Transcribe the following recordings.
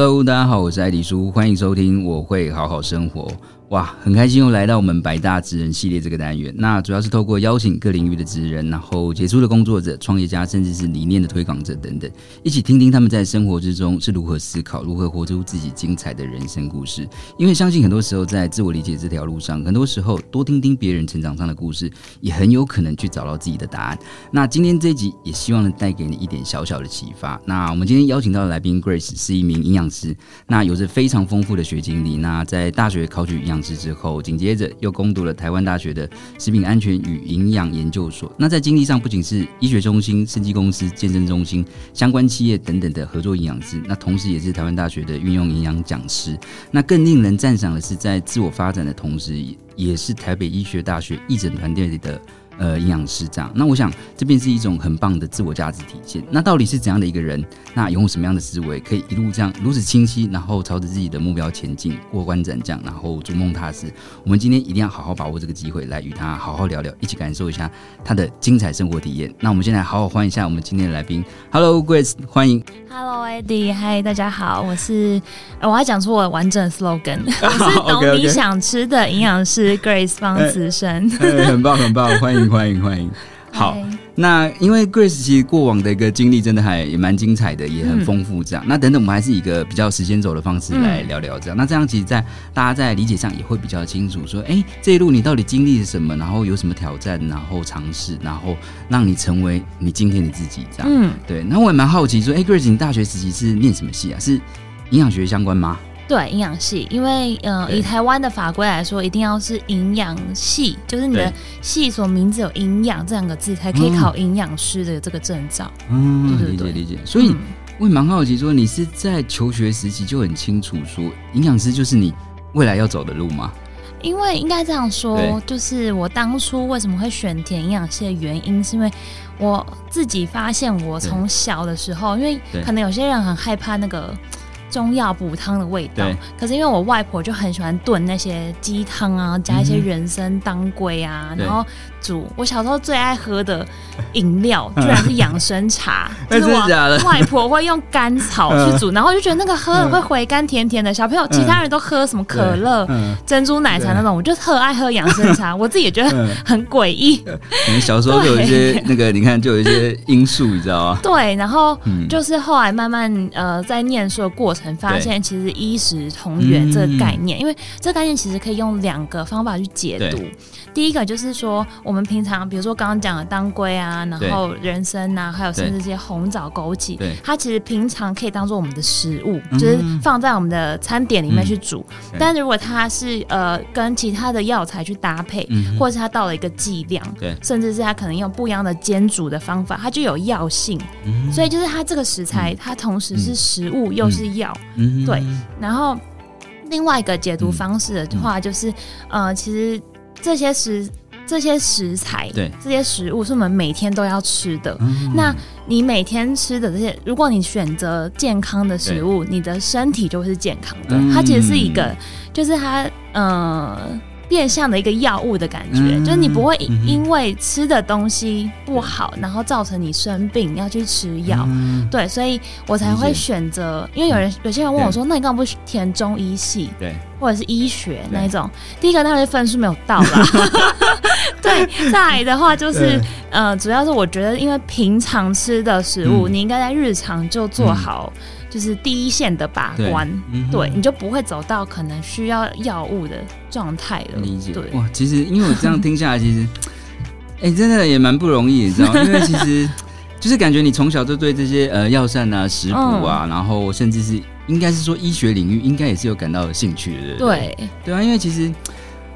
Hello，大家好，我是艾迪蘇，歡迎收聽，我會好好生活。哇，很開心又來到我們百大職人系列這個單元。那主要是透過邀請各領域的職人，然後傑出的工作者、創業家，甚至是理念的推廣者等等，一起聽聽他們在生活之中是如何思考、如何活出自己精彩的人生故事。因為相信很多時候在自我理解這條路上，很多時候多聽聽別人成長上的故事，也很有可能去找到自己的答案。那今天這一集也希望能帶給你一點小小的啟發。那我們今天邀請到的來賓 Grace 是一名營養師，那有着非常豐富的學經歷，那在大學考取營養。之後，緊接着又攻讀了台灣大學的食品安全與營養研究所。那在經歷上，不僅是醫學中心、生技公司、健身中心相關企業等等的合作營養師，那同時也是台灣大學的運動營養講師。那更令人讚賞的是，在自我發展的同時，也是台北醫學大學義診團隊裡的。呃，營養師這樣，那我想這便是一種很棒的自我價值體現。那到底是怎樣的一個人？那擁有什麼樣的思維，可以一路這樣如此清晰，然後朝着自己的目標前進，過關斬將，然後逐夢踏實？我們今天一定要好好把握這個機會，來與他好好聊聊，一起感受一下他的精彩生活體驗。那我們現在好好歡迎一下我們今天的來賓，Hello Grace，歡迎。Hello Eddie，嗨，大家好，我是我要講出我的完整 slogan，、ah, okay, okay. 我是懂你想吃的營養師 Grace 方子生，欸欸、很棒很棒，歡迎。歡迎歡迎，好、哎，那因為 Grace 其實過往的一個經歷真的還也蠻精彩的，也很豐富。這樣、嗯，那等等我們還是以一個比較時間軸的方式來聊聊這樣。嗯、那這樣其實在，在大家在理解上也會比較清楚，說，哎，這一路你到底經歷了什麼，然後有什麼挑戰，然後嘗試，然後讓你成為你今天的自己，這樣。嗯，對。那我也蠻好奇，說，哎，Grace，你大學時期是念什麼系啊？是營養學相關嗎？對營養系，因為呃，以台灣的法規來說，一定要是營養系，就是你的系所名字有「營養」這兩個字，才可以考營養師的這個證照。嗯，對對對。嗯，理解，理解。所以，我也蠻好奇，說你是在求學時期就很清楚說，說營養師就是你未來要走的路嗎？因為應該這樣說，就是我當初為什麼會選填營養系的原因，是因為我自己發現，我從小的時候，因為可能有些人很害怕那個。中藥補湯的味道，可是因為我外婆就很喜歡燉那些雞湯啊，加一些人參、啊、當歸啊，然後煮。我小時候最愛喝的飲料，居然是養生茶。真的、嗯就是假的？外婆會用甘草去煮，嗯、然後就覺得那個喝了會回甘，甜甜的。小朋友，其他人都喝什麼可樂、嗯嗯、珍珠奶茶那種，我就特愛喝養生茶、嗯。我自己也覺得很詭異。你、嗯、小時候就有一些那個，你看就有一些因素，你知道嗎？對，然後就是後來慢慢呃，在念書的過程。發現其實衣食同源這個概念、嗯，因為這個概念其實可以用兩個方法去解讀。第一個就是說，我們平常比如說剛剛講的當歸啊，然後人參啊，還有甚至這些紅棗、枸杞，對對對對，它其實平常可以當做我們的食物、嗯，就是放在我們的餐點裡面去煮。嗯、但如果它是呃跟其他的藥材去搭配，嗯、或者是它到了一個劑量，對，甚至是它可能用不一樣的煎煮的方法，它就有藥性、嗯。所以就是它這個食材，嗯、它同時是食物、嗯、又是藥、嗯。對。然後另外一個解讀方式的話，就是、嗯嗯、呃，其實。這些食這些食材，對這些食物是我們每天都要吃的。嗯、那你每天吃的這些，如果你選擇健康的食物，你的身體就是健康的。它其實是一個，嗯、就是它呃，變相的一個藥物的感覺、嗯，就是你不會因為吃的東西不好，嗯、然後造成你生病要去吃藥、嗯。對，所以我才會選擇、嗯。因為有人有些人問我說：“那你幹嘛不填中醫系？”對。或者是醫學那一種，第一個那些分數沒有到啦。 對，再來的話就是，呃，主要是我覺得，因為平常吃的食物，嗯、你應該在日常就做好，就是第一線的把關，對，對嗯、你就不會走到可能需要藥物的狀態了。理解對哇，其實因為我這樣聽下來，其實，哎、 欸，真的也蠻不容易，你知道嗎？因為其實就是感覺你從小就對這些呃藥膳啊、食補啊、嗯，然後甚至是。應該是說醫學領域應該也是有感到有興趣的，對對，對，對啊，因為其實，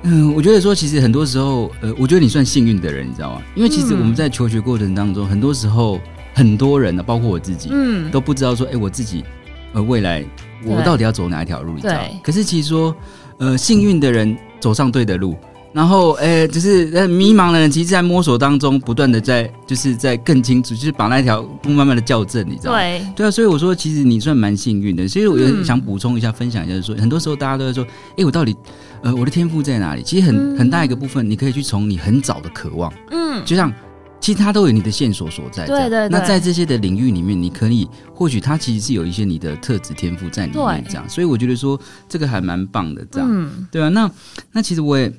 嗯、呃，我覺得說其實很多時候，呃，我覺得你算幸運的人，你知道嗎、嗯？因為其實我們在求學過程當中，很多時候很多人呢、啊，包括我自己，嗯，都不知道說，哎、欸，我自己呃未來我到底要走哪一條路，你知道嗎？可是其實說，呃，幸運的人走上對的路。然後，哎、欸、就是迷茫的人，其實在摸索當中，不斷的在，就是在更清楚，就是把那條路慢慢的校正，你知道嗎？對，對啊。所以我說，其實你算蠻幸運的。所以我也想補充一下，嗯、分享一下，就是說，很多時候大家都會說，哎、欸，我到底，呃，我的天賦在哪裡？其實很、嗯、很大一個部分，你可以去從你很早的渴望，嗯，就像其實它都有你的線索所在，對，對對。那在這些的領域裡面，你可以或許它其實是有一些你的特質天賦在裡面這樣。所以我覺得說這個還蠻棒的，這樣、嗯。對啊，那那其實我也。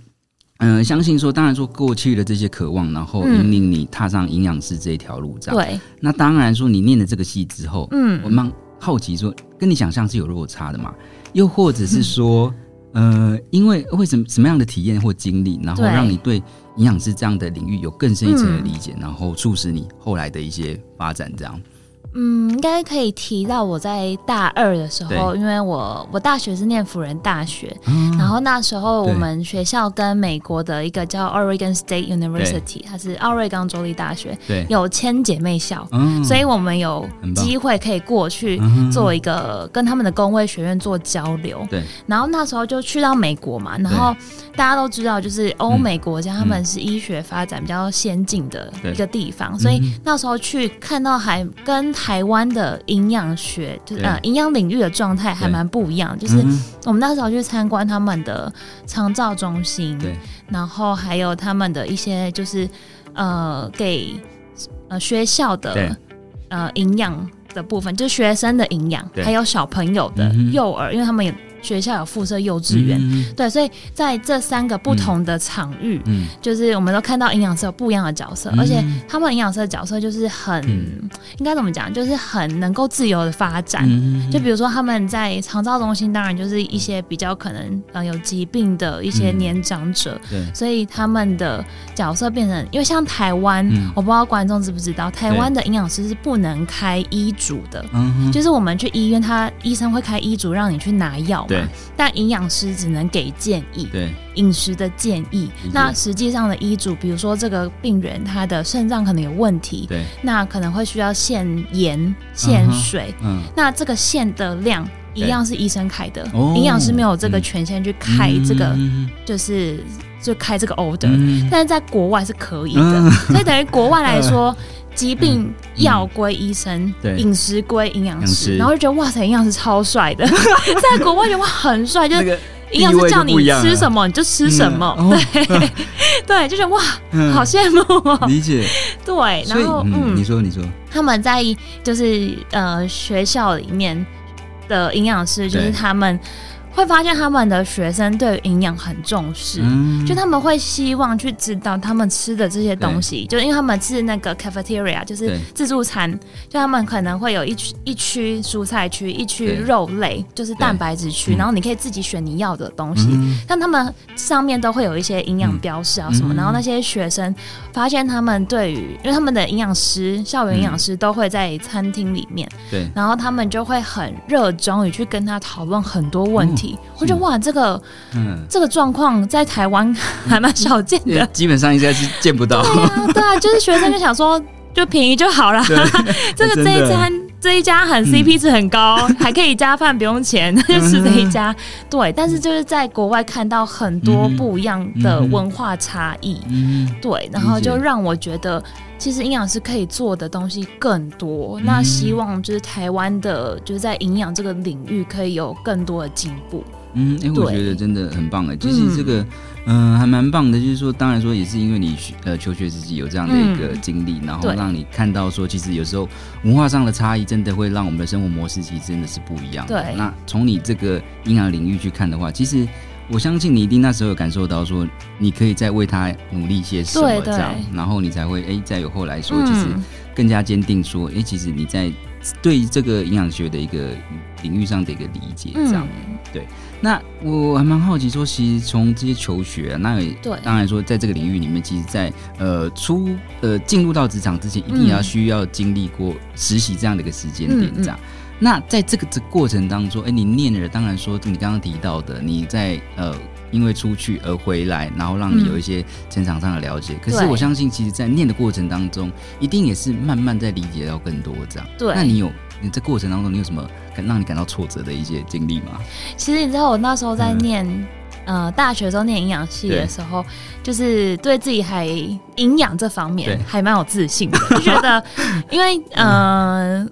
嗯、呃，相信說，當然說過去的這些渴望，然後引領你踏上營養師這一條路，這樣。對、嗯。那當然說，你念了這個系之後，嗯，我蠻好奇說，跟你想象是有落差的嘛？又或者是說，嗯、呃，因為會什麼什麼樣的體驗或經歷，然後讓你對營養師這樣的領域有更深一層的理解、嗯，然後促使你後來的一些發展這樣？嗯，應該可以提到我在大二的時候，因為我我大學是念輔仁大學、嗯，然後那時候我們學校跟美國的一個叫 Oregon State University，它是奧瑞岡州立大學對，有千姐妹校，嗯、所以我們有機會可以過去做一個跟他們的公衛學院做交流。對、嗯，然後那時候就去到美國嘛，然後大家都知道，就是歐美國家他們是醫學發展比較先進的一個地方、嗯嗯，所以那時候去看到還跟。台灣的營養學，就、yeah. 呃營養領域的狀態還蠻不一樣的。就是我們那時候去參觀他們的長照中心對，然後還有他們的一些，就是呃給呃學校的呃營養的部分，就是學生的營養，還有小朋友的幼兒，因為他們也學校有附設幼稚園，嗯，對，所以在這三個不同的場域，嗯、就是我們都看到營養師有不一樣的角色，嗯、而且他們營養師的角色就是很、嗯、應該怎麼講，就是很能夠自由的發展、嗯。就比如說他們在長照中心，當然就是一些比較可能有疾病的一些年長者，嗯、對所以他們的角色變成，因為像台灣、嗯，我不知道觀眾知不知道，台灣的營養師是不能開醫囑的，就是我們去醫院，他醫生會開醫囑讓你去拿藥。但營養師只能給建議，對飲食的建議。那實際上的醫囑，比如說這個病人他的腎臟可能有問題，對，那可能會需要限鹽、限水。嗯，uh-huh, uh-huh. 那這個限的量一樣是醫生開的，okay. 營養師沒有這個權限去開這個，oh, 就是。就開這個 order、嗯、但是在國外是可以的，嗯、所以等於國外來說，嗯、疾病要歸醫生，嗯、對，飲食歸營養師，然後就覺得食哇塞，營養師超帥的， 在國外的話很帥，就是營養師叫你吃什麼你就吃什麼，嗯啊哦、對、啊、對，就覺得哇，嗯、好羨慕哦、喔。理解，對，然後、嗯、你說你說他們在就是呃學校裡面的營養師就是他們，會發現他們的學生對營養很重視，嗯，就他們會希望去知道他們吃的這些東西，就因為他們是那個 cafeteria，就是自助餐，就他們可能會有一區一區蔬菜區，一區肉類就是蛋白質區，然後你可以自己選你要的東西，東西嗯、但他們上面都會有一些營養標示啊什麼、嗯，然後那些學生發現他們對於因為他們的營養師，校園營養師都會在餐廳裡面，對，然後他們就會很熱衷於去跟他討論很多問題。嗯我覺得哇，這個，嗯，這個狀況在台灣還蠻少見的，基本上應該是見不到。對啊，對啊，就是學生就想說， 就便宜就好了，這個這一餐。這一家很 CP 值很高，嗯、還可以加飯不用錢，就 是這一家。對，但是就是在國外看到很多不一樣的文化差異、嗯嗯嗯，對，然後就讓我覺得、嗯、其實營養師可以做的東西更多。那希望就是台灣的，就是在營養這個領域可以有更多的進步。嗯，哎、欸，我覺得真的很棒的、欸，就是這個，嗯，呃、還蠻棒的。就是說，當然說也是因為你學呃求學時期有這樣的一個經歷、嗯，然後讓你看到說，其實有時候文化上的差異，真的會讓我們的生活模式其實真的是不一樣。對，那從你這個營養領域去看的話，其實我相信你一定那時候有感受到說，你可以再為他努力一些什麼這樣，然後你才會哎再、欸、有後來說，嗯、其實更加堅定說，哎、欸，其實你在對這個營養學的一個領域上的一個理解這樣，嗯、對。那我還蠻好奇說，說其實從這些求學、啊，那也對，當然說在這個領域裡面，其實在，在呃出呃進入到職場之前，一定要需要經歷過、嗯、實習這樣的一個時間點、嗯，這樣、嗯。那在這個這過程當中，哎、欸，你念了，當然說你剛剛提到的，你在呃因為出去而回來，然後讓你有一些成長上的了解、嗯。可是我相信，其實，在念的過程當中，一定也是慢慢在理解到更多這樣。對，那你有？你在過程當中，你有什麼讓你感到挫折的一些經歷嗎？其實你知道，我那時候在念、嗯、呃大學的時候，念營養系的時候，就是對自己還營養這方面還蠻有自信的， 覺得因為嗯。呃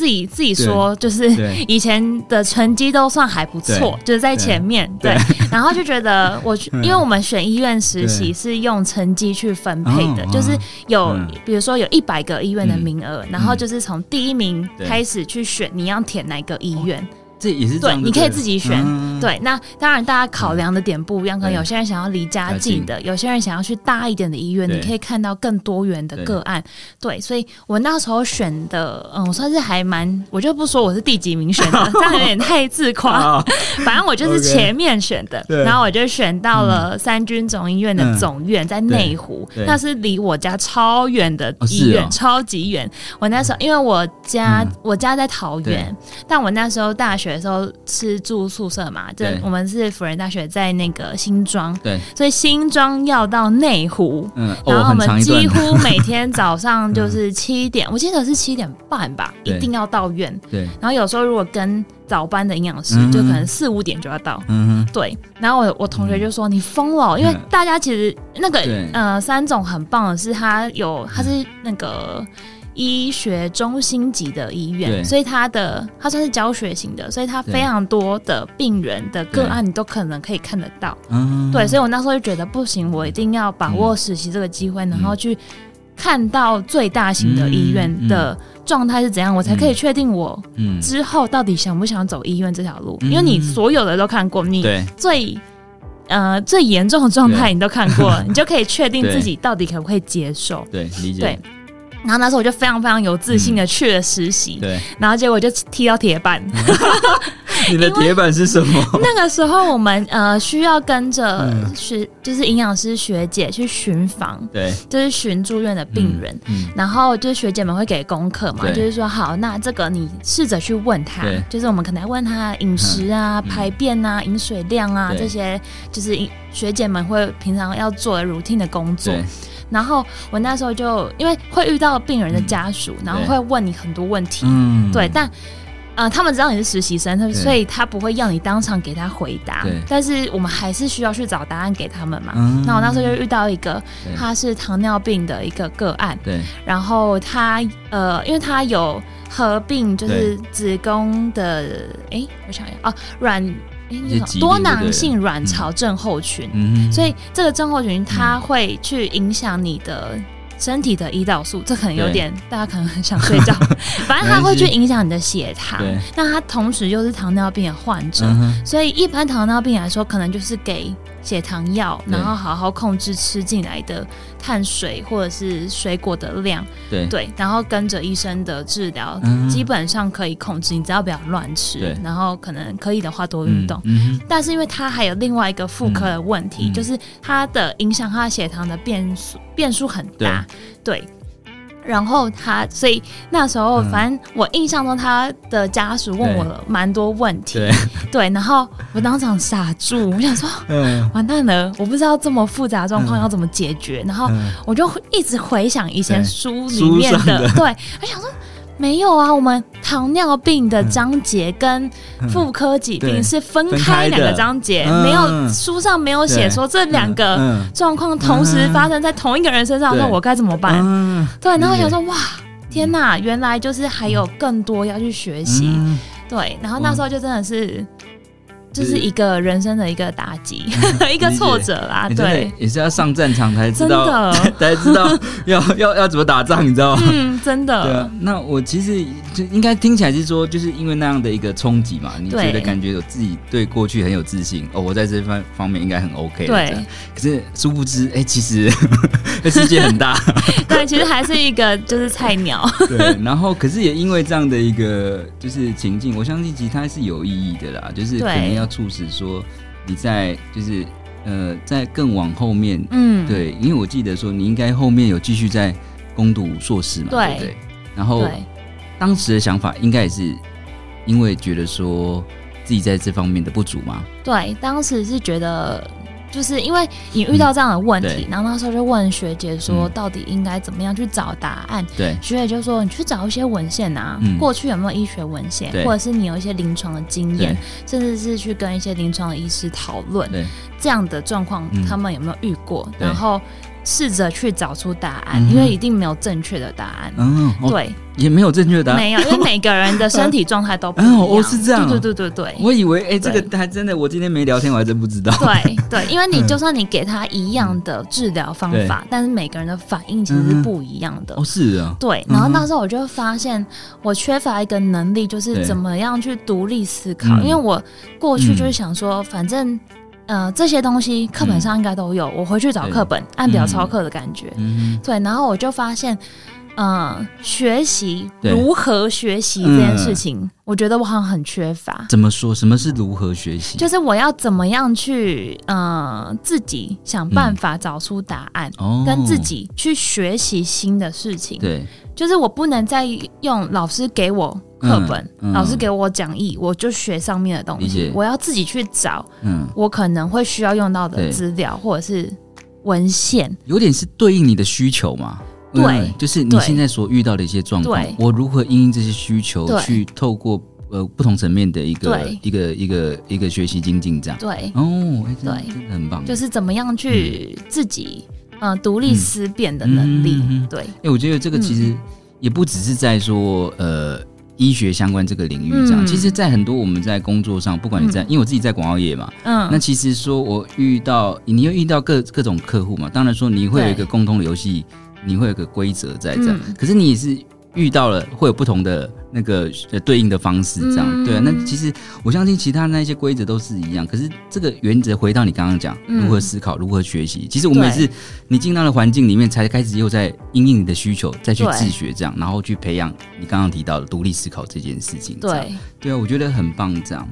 自己自己說，就是以前的成績都算還不錯，就是在前面對對。對，然後就覺得我， 因為我們選醫院實習是用成績去分配的，就是有比如說有一百個醫院的名額，然後就是從第一名開始去選，你要填哪個醫院。自己對，對，你可以自己選。嗯、對，那當然，大家考量的點不一樣，可能有些人想要離家近的，有些人想要去大一點的醫院。你可以看到更多元的個案對對。對，所以我那時候選的，嗯，我算是還蠻……我就不說我是第幾名選的，這樣有點太自誇、 哦。反正我就是前面選的，okay, 然後我就選到了三軍總醫院的總院，在內湖，那是離我家超遠的醫院，哦哦、超級遠。我那時候因為我家、嗯、我家在桃園，但我那時候大學。的時候是住宿舍嘛，這我們是輔仁大學在那個新莊，對，所以新莊要到內湖，嗯，然後我們幾乎每天早上就是七點， 嗯、七點我記得是七點半吧，一定要到院，對。然後有時候如果跟早班的營養師，就可能四五點就要到，嗯，對。然後我我同學就說，你瘋了、嗯，因為大家其實那個、嗯、呃，三總很棒的是他有他是那個。嗯醫學中心級的醫院，所以它的它算是教學型的，所以它非常多的病人的個案你都可能可以看得到、嗯。對，所以我那時候就覺得不行，我一定要把握實習這個機會、嗯，然後去看到最大型的醫院的狀態是怎樣、嗯嗯嗯，我才可以確定我之後到底想不想走醫院這條路、嗯。因為你所有的都看過，你最呃最嚴重的狀態你都看過了，你就可以確定自己到底可不可以接受。對。對理解。對然後那時候我就非常非常有自信的去了實習，嗯、對，然後結果就踢到鐵板。嗯、 你的鐵板是什麼？那個時候我們呃需要跟着學、嗯，就是營養師學姐去巡房，對，就是巡住院的病人、嗯嗯。然後就是學姐們會給功課嘛，就是說好，那這個你試着去問她，就是我們可能要問她飲食啊、嗯、排便啊、飲水量啊這些，就是學姐們會平常要做的 routine 的工作。然後我那時候就因為會遇到病人的家屬，嗯、然後會問你很多問題，嗯、對，但、呃、他們知道你是實習生，所以他不會要你當場給他回答，但是我們還是需要去找答案給他們嘛。嗯、那我那時候就遇到一個、嗯，他是糖尿病的一個個案，對，然後他呃，因為他有合併就是子宮的，哎，我想要哦、啊、軟。多囊性卵巢症候群、嗯嗯，所以這個症候群它會去影響你的身體的胰島素，這可能有點大家可能很想睡覺， 反正它會去影響你的血糖。那它同時又是糖尿病的患者、嗯，所以一般糖尿病來說，可能就是給。血糖藥，然後好好控制吃進來的碳水或者是水果的量，對，對然後跟着醫生的治療、嗯，基本上可以控制，你只要不要亂吃，然後可能可以的話多運動、嗯嗯，但是因為它還有另外一個婦科的問題，嗯、就是它的影響，它血糖的變數變數很大，對。對。然後他，所以那時候，反正我印象中，他的家屬問我了蠻多問題對對，對，然後我當場傻住，我想說，嗯，完蛋了，我不知道這麼複雜狀況要怎麼解決，嗯，然後我就一直回想以前書裡面的，對，對我想說。沒有啊，我們糖尿病的章節跟婦科疾病是分開兩個章節，嗯嗯、沒有書上沒有寫說這兩個狀況同時發生在同一個人身上，說、嗯嗯、我該怎麼辦？對，嗯嗯、對，然後我想說，哇，天哪，原來就是還有更多要去學習，嗯嗯嗯嗯嗯、對，然後那時候就真的是。就是一個人生的一個打擊，嗯、 一個挫折啦、欸對。對，也是要上戰場才知道，才，才知道要 要要，要怎麼打仗，你知道嗎？嗯，真的。對、啊，那我其實就應該聽起來是說，就是因為那樣的一個衝擊嘛，你覺得感覺有自己對過去很有自信哦，我在這方方面應該很 OK。對，可是殊不知，哎、欸，其實 世界很大 對， 對，其實還是一個就是菜鳥。 對，然後可是也因為這樣的一個就是情境， 我相信其他是有意義的啦，就是可能。要促使說你在就是呃在更往後面嗯對，因為我記得說你應該後面有繼續在攻讀碩士嘛對，對不對？然後當時的想法應該也是因為覺得說自己在這方面的不足嘛，對，當時是覺得。就是因為你遇到這樣的問題，嗯、然後那時候就問學姐說，到底應該怎麼樣去找答案？對，學姐就說你去找一些文獻啊、嗯，過去有沒有醫學文獻，或者是你有一些臨床的經驗，甚至是去跟一些臨床的醫師討論，這樣的狀況他們有沒有遇過？然後。試着去找出答案、嗯，因為一定沒有正確的答案。嗯、哦，對，也沒有正確的答案，沒有，因為每個人的身體狀態都不一樣、， 嗯哦、是這樣。對對對對，我以為哎、欸，這個還真的，我今天沒聊天，我還真不知道。對對，因為你就算你給他一樣的治療方法、嗯，但是每個人的反應其實是不一樣的。嗯、哦，是啊。對，然後那時候我就發現，我缺乏一個能力，就是怎麼樣去獨立思考、嗯。因為我過去就是想說，嗯、反正。呃，這些東西課本上應該都有、嗯，我回去找課本按表操課的感覺、嗯。對，然後我就發現，嗯、呃，學習如何學習這件事情、嗯，我覺得我好像很缺乏。怎麼說，什麼是如何學習？就是我要怎麼樣去，嗯、呃，自己想辦法找出答案，嗯哦、跟自己去學習新的事情。對，就是我不能再用老師給我。課本、嗯、老師給我講義、嗯，我就學上面的東西。我要自己去找、嗯，我可能會需要用到的資料或者是文獻，有點是對應你的需求嘛？對，嗯、就是你現在所遇到的一些狀況，我如何因應用這些需求去透過呃不同層面的一個一個一個一個學習精進這樣？對哦，對，真的很棒。就是怎麼樣去自己嗯獨、呃、立思辨的能力？嗯、對，因、嗯、為、欸、我覺得這個其實也不只是在說、嗯、呃。醫學相關這個領域，這樣，嗯、其實，在很多我們在工作上，不管你在，嗯、因為我自己在廣告業嘛，嗯，那其實說，我遇到，你又遇到各各種客戶嘛，當然說你，你會有一個共同的遊戲，你會有個規則在這樣、嗯，可是你也是，遇到了會有不同的那個對應的方式，這樣、嗯、對啊。那其實我相信其他那些規則都是一樣，可是這個原則回到你剛剛講、嗯、如何思考、如何學習，其實我們也是你進到了環境裡面，才開始又在因應你的需求，再去自學這樣，然後去培養你剛剛提到的獨立思考這件事情。對，對啊，我覺得很棒，這樣。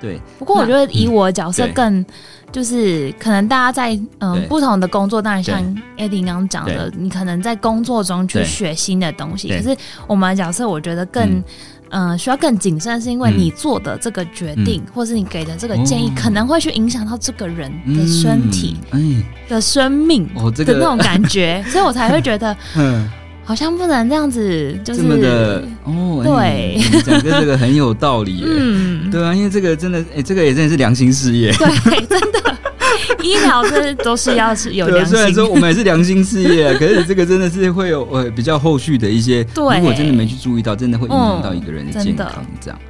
對，不過我覺得以我的角色更，嗯、就是可能大家在嗯、呃、不同的工作，當然像 Eddie 剛剛講的，你可能在工作中去學新的東西。可是我們的角色，我覺得更嗯、呃、需要更謹慎，是因為你做的這個決定，嗯、或是你給的這個建議，嗯、可能會去影響到這個人的身體、嗯哎、的生命、哦這個、的那種感覺， 所以我才會覺得。呵呵好像不能這樣子，就是這麼的哦、欸。對，你講的這個很有道理耶。 嗯，對啊，因為這個真的，哎、欸，這個也真的是良心事業。對，真的 醫療這都是要是有良心。對，雖然說我們也是良心事業， 可是這個真的是會有，呃，比較後續的一些。對，如果真的沒去注意到，真的會影響到一個人的健康。這樣。嗯，真的。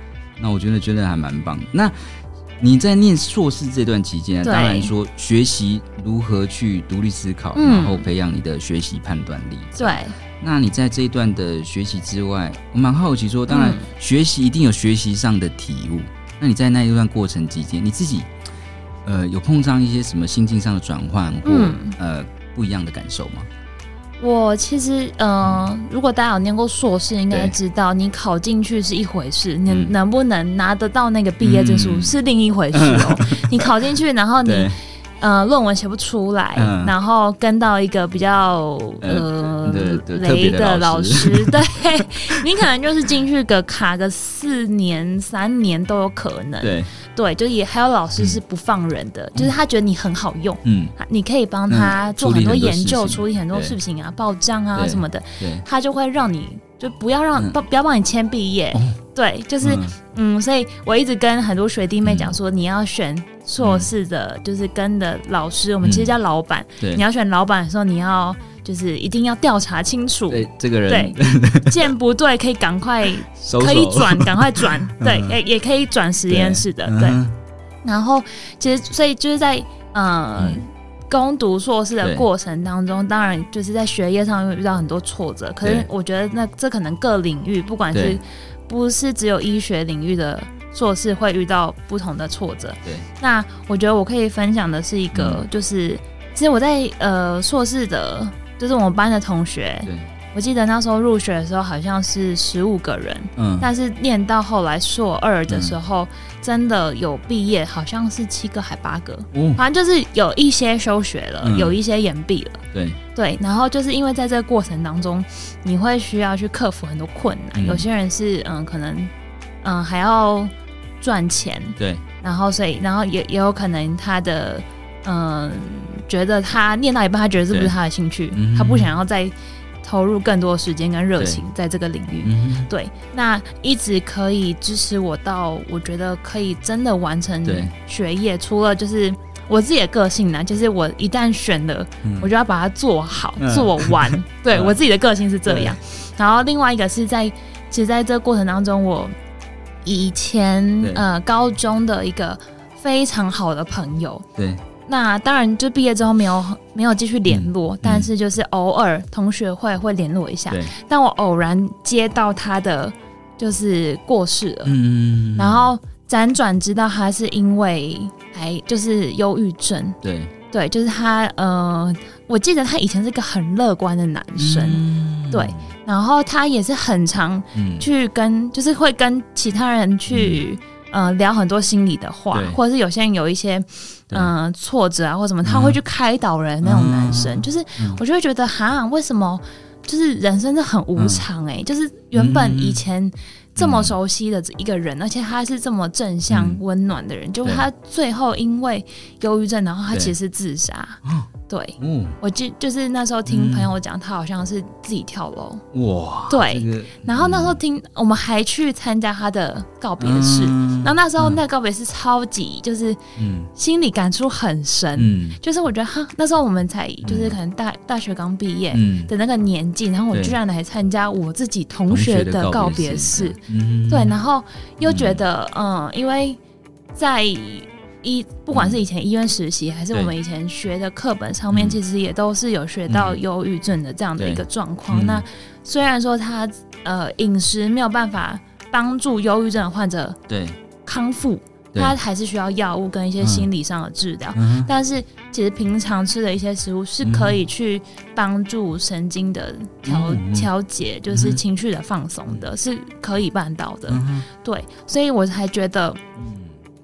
那我覺得覺得還蠻棒。那你在念碩士這段期間，當然說學習如何去獨立思考，然後培養你的學習判斷力。對。那你在這一段的學習之外，我蠻好奇說，當然學習一定有學習上的體悟、嗯。那你在那一段過程期間，你自己呃有碰上一些什麼心境上的轉換或、嗯、呃不一樣的感受嗎？我其實呃、嗯，如果大家有念過碩士，應該知道你考進去是一回事、嗯，你能不能拿得到那個畢業證書、嗯、是另一回事哦。 你考進去，然後你。嗯、呃，論文寫不出來、嗯，然後跟到一個比較、嗯、呃的的雷的老師，老師對 你可能就是進去個卡個四年三年都有可能。對對，就也還有老師是不放人的，嗯、就是他覺得你很好用，嗯，你可以幫他做很多研究，處理很，很多事情啊，報賬啊什麼的，他就會讓你。就不要讓不、嗯、不要幫你簽畢業、哦，對，就是嗯，嗯，所以我一直跟很多學弟妹講說、嗯，你要選碩士的、嗯，就是跟的老師、嗯，我們其實叫老闆、嗯。你要選老闆的時候，你要就是一定要調查清楚。對，這個人對，對 見不對，可以趕快可以轉，趕快轉。對，嗯嗯，也可以轉實驗室的，對對嗯嗯。對，然後其實所以就是在、呃、嗯。攻讀碩士的過程當中，當然就是在學業上會遇到很多挫折。可是我覺得那這可能各領域，不管是不是只有醫學領域的碩士會遇到不同的挫折。對，那我覺得我可以分享的是一個，就是、嗯、其實我在呃碩士的，就是我們班的同學。我記得那時候入學的時候好像是十五個人，嗯，但是念到後來碩二的時候，嗯、真的有畢業，好像是七個還八個、哦，反正就是有一些休學了，嗯、有一些延畢了，對對。然後就是因為在這個過程當中，你會需要去克服很多困難。嗯、有些人是嗯、呃，可能嗯、呃、還要賺錢，對，然後所以然後也也有可能他的嗯、呃、覺得他念到一半，他覺得這不是他的興趣，嗯、他不想要再。投入更多的時間跟熱情在這個領域、嗯，對，那一直可以支持我到我覺得可以真的完成學業。除了就是我自己的個性呢，就是我一旦選了，嗯、我就要把它做好、嗯、做完。嗯、對我自己的個性是這樣、嗯。然後另外一個是在，其實在這個過程當中，我以前呃高中的一個非常好的朋友，對。那當然，就畢業之後沒有沒有繼續聯絡、嗯嗯，但是就是偶爾同學會會聯絡一下。但我偶然接到他的，就是過世了。嗯，然後輾轉知道他是因為哎，就是憂鬱症。對對，就是他嗯、呃，我記得他以前是個很樂觀的男生、嗯。對，然後他也是很常去跟，嗯、就是會跟其他人去、嗯、呃聊很多心裡的話，或者是有些人有一些。嗯、呃，挫折啊或什麼，他會去開導人、嗯、那種男生、嗯，就是我就會覺得哈、嗯，為什麼就是人生是很無常誒、欸嗯。就是原本以前這麼熟悉的一個人、嗯、而且他是這麼正向溫暖的人、嗯，就他最後因為憂鬱症，然後他其實是自殺。嗯對，嗯，我記就是那時候聽朋友講、嗯，他好像是自己跳樓，哇，對、這個嗯，然後那時候聽我們還去參加他的告別式、嗯，然後那時候那個告別式超級就是，嗯，就是、心裡感觸很深，嗯，就是我覺得哈，那時候我們才就是可能大、嗯、大學剛畢業的那個年紀，然後我居然來參加我自己同學的告別式,告別式、啊嗯，對，然後又覺得嗯,嗯,嗯，因為在。醫不管是以前醫院實習，還是我們以前學的課本上面，其實也都是有學到憂鬱症的這樣的一個狀況、嗯。那雖然說他呃飲食沒有辦法幫助憂鬱症的患者康對康復，他還是需要藥物跟一些心理上的治療、嗯嗯。但是其實平常吃的一些食物是可以去幫助神經的調調節，就是情緒的放鬆的、嗯，是可以辦到的。嗯、對，所以我才覺得。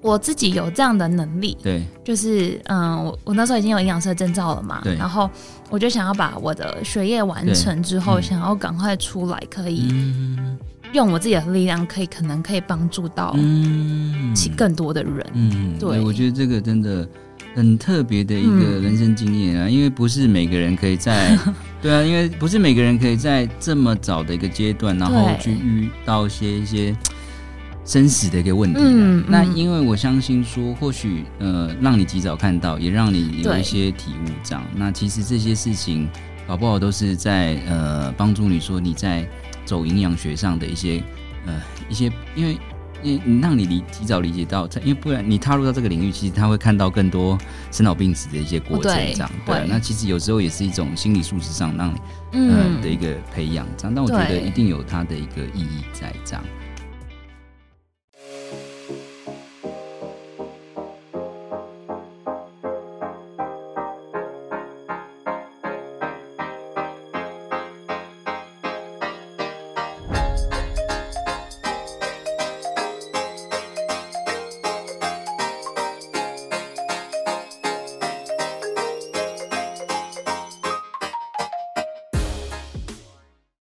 我自己有這樣的能力，對，就是嗯，我我那時候已經有營養師的證照了嘛，對，然後我就想要把我的學業完成之後，嗯、想要趕快出來，可以用我自己的力量可，可以可能可以幫助到其更多的人。嗯對，對，我覺得這個真的很特別的一個人生經驗啊、嗯，因為不是每個人可以在， 對啊，因為不是每個人可以在這麼早的一個階段，然後去遇到一些一些生死的一個問題，嗯嗯。那因為我相信說或、或許呃，讓你及早看到，也讓你有一些體悟。這樣，那其實這些事情搞不好都是在呃幫助你說你在走營養學上的一些呃一些，因為因為你讓你理提早理解到，因為不然你踏入到這個領域，其實他會看到更多生老病死的一些過程。這樣對對對，對。那其實有時候也是一種心理素質上讓你、嗯、呃的一個培養。這樣，但我覺得一定有它的一個意義在這樣。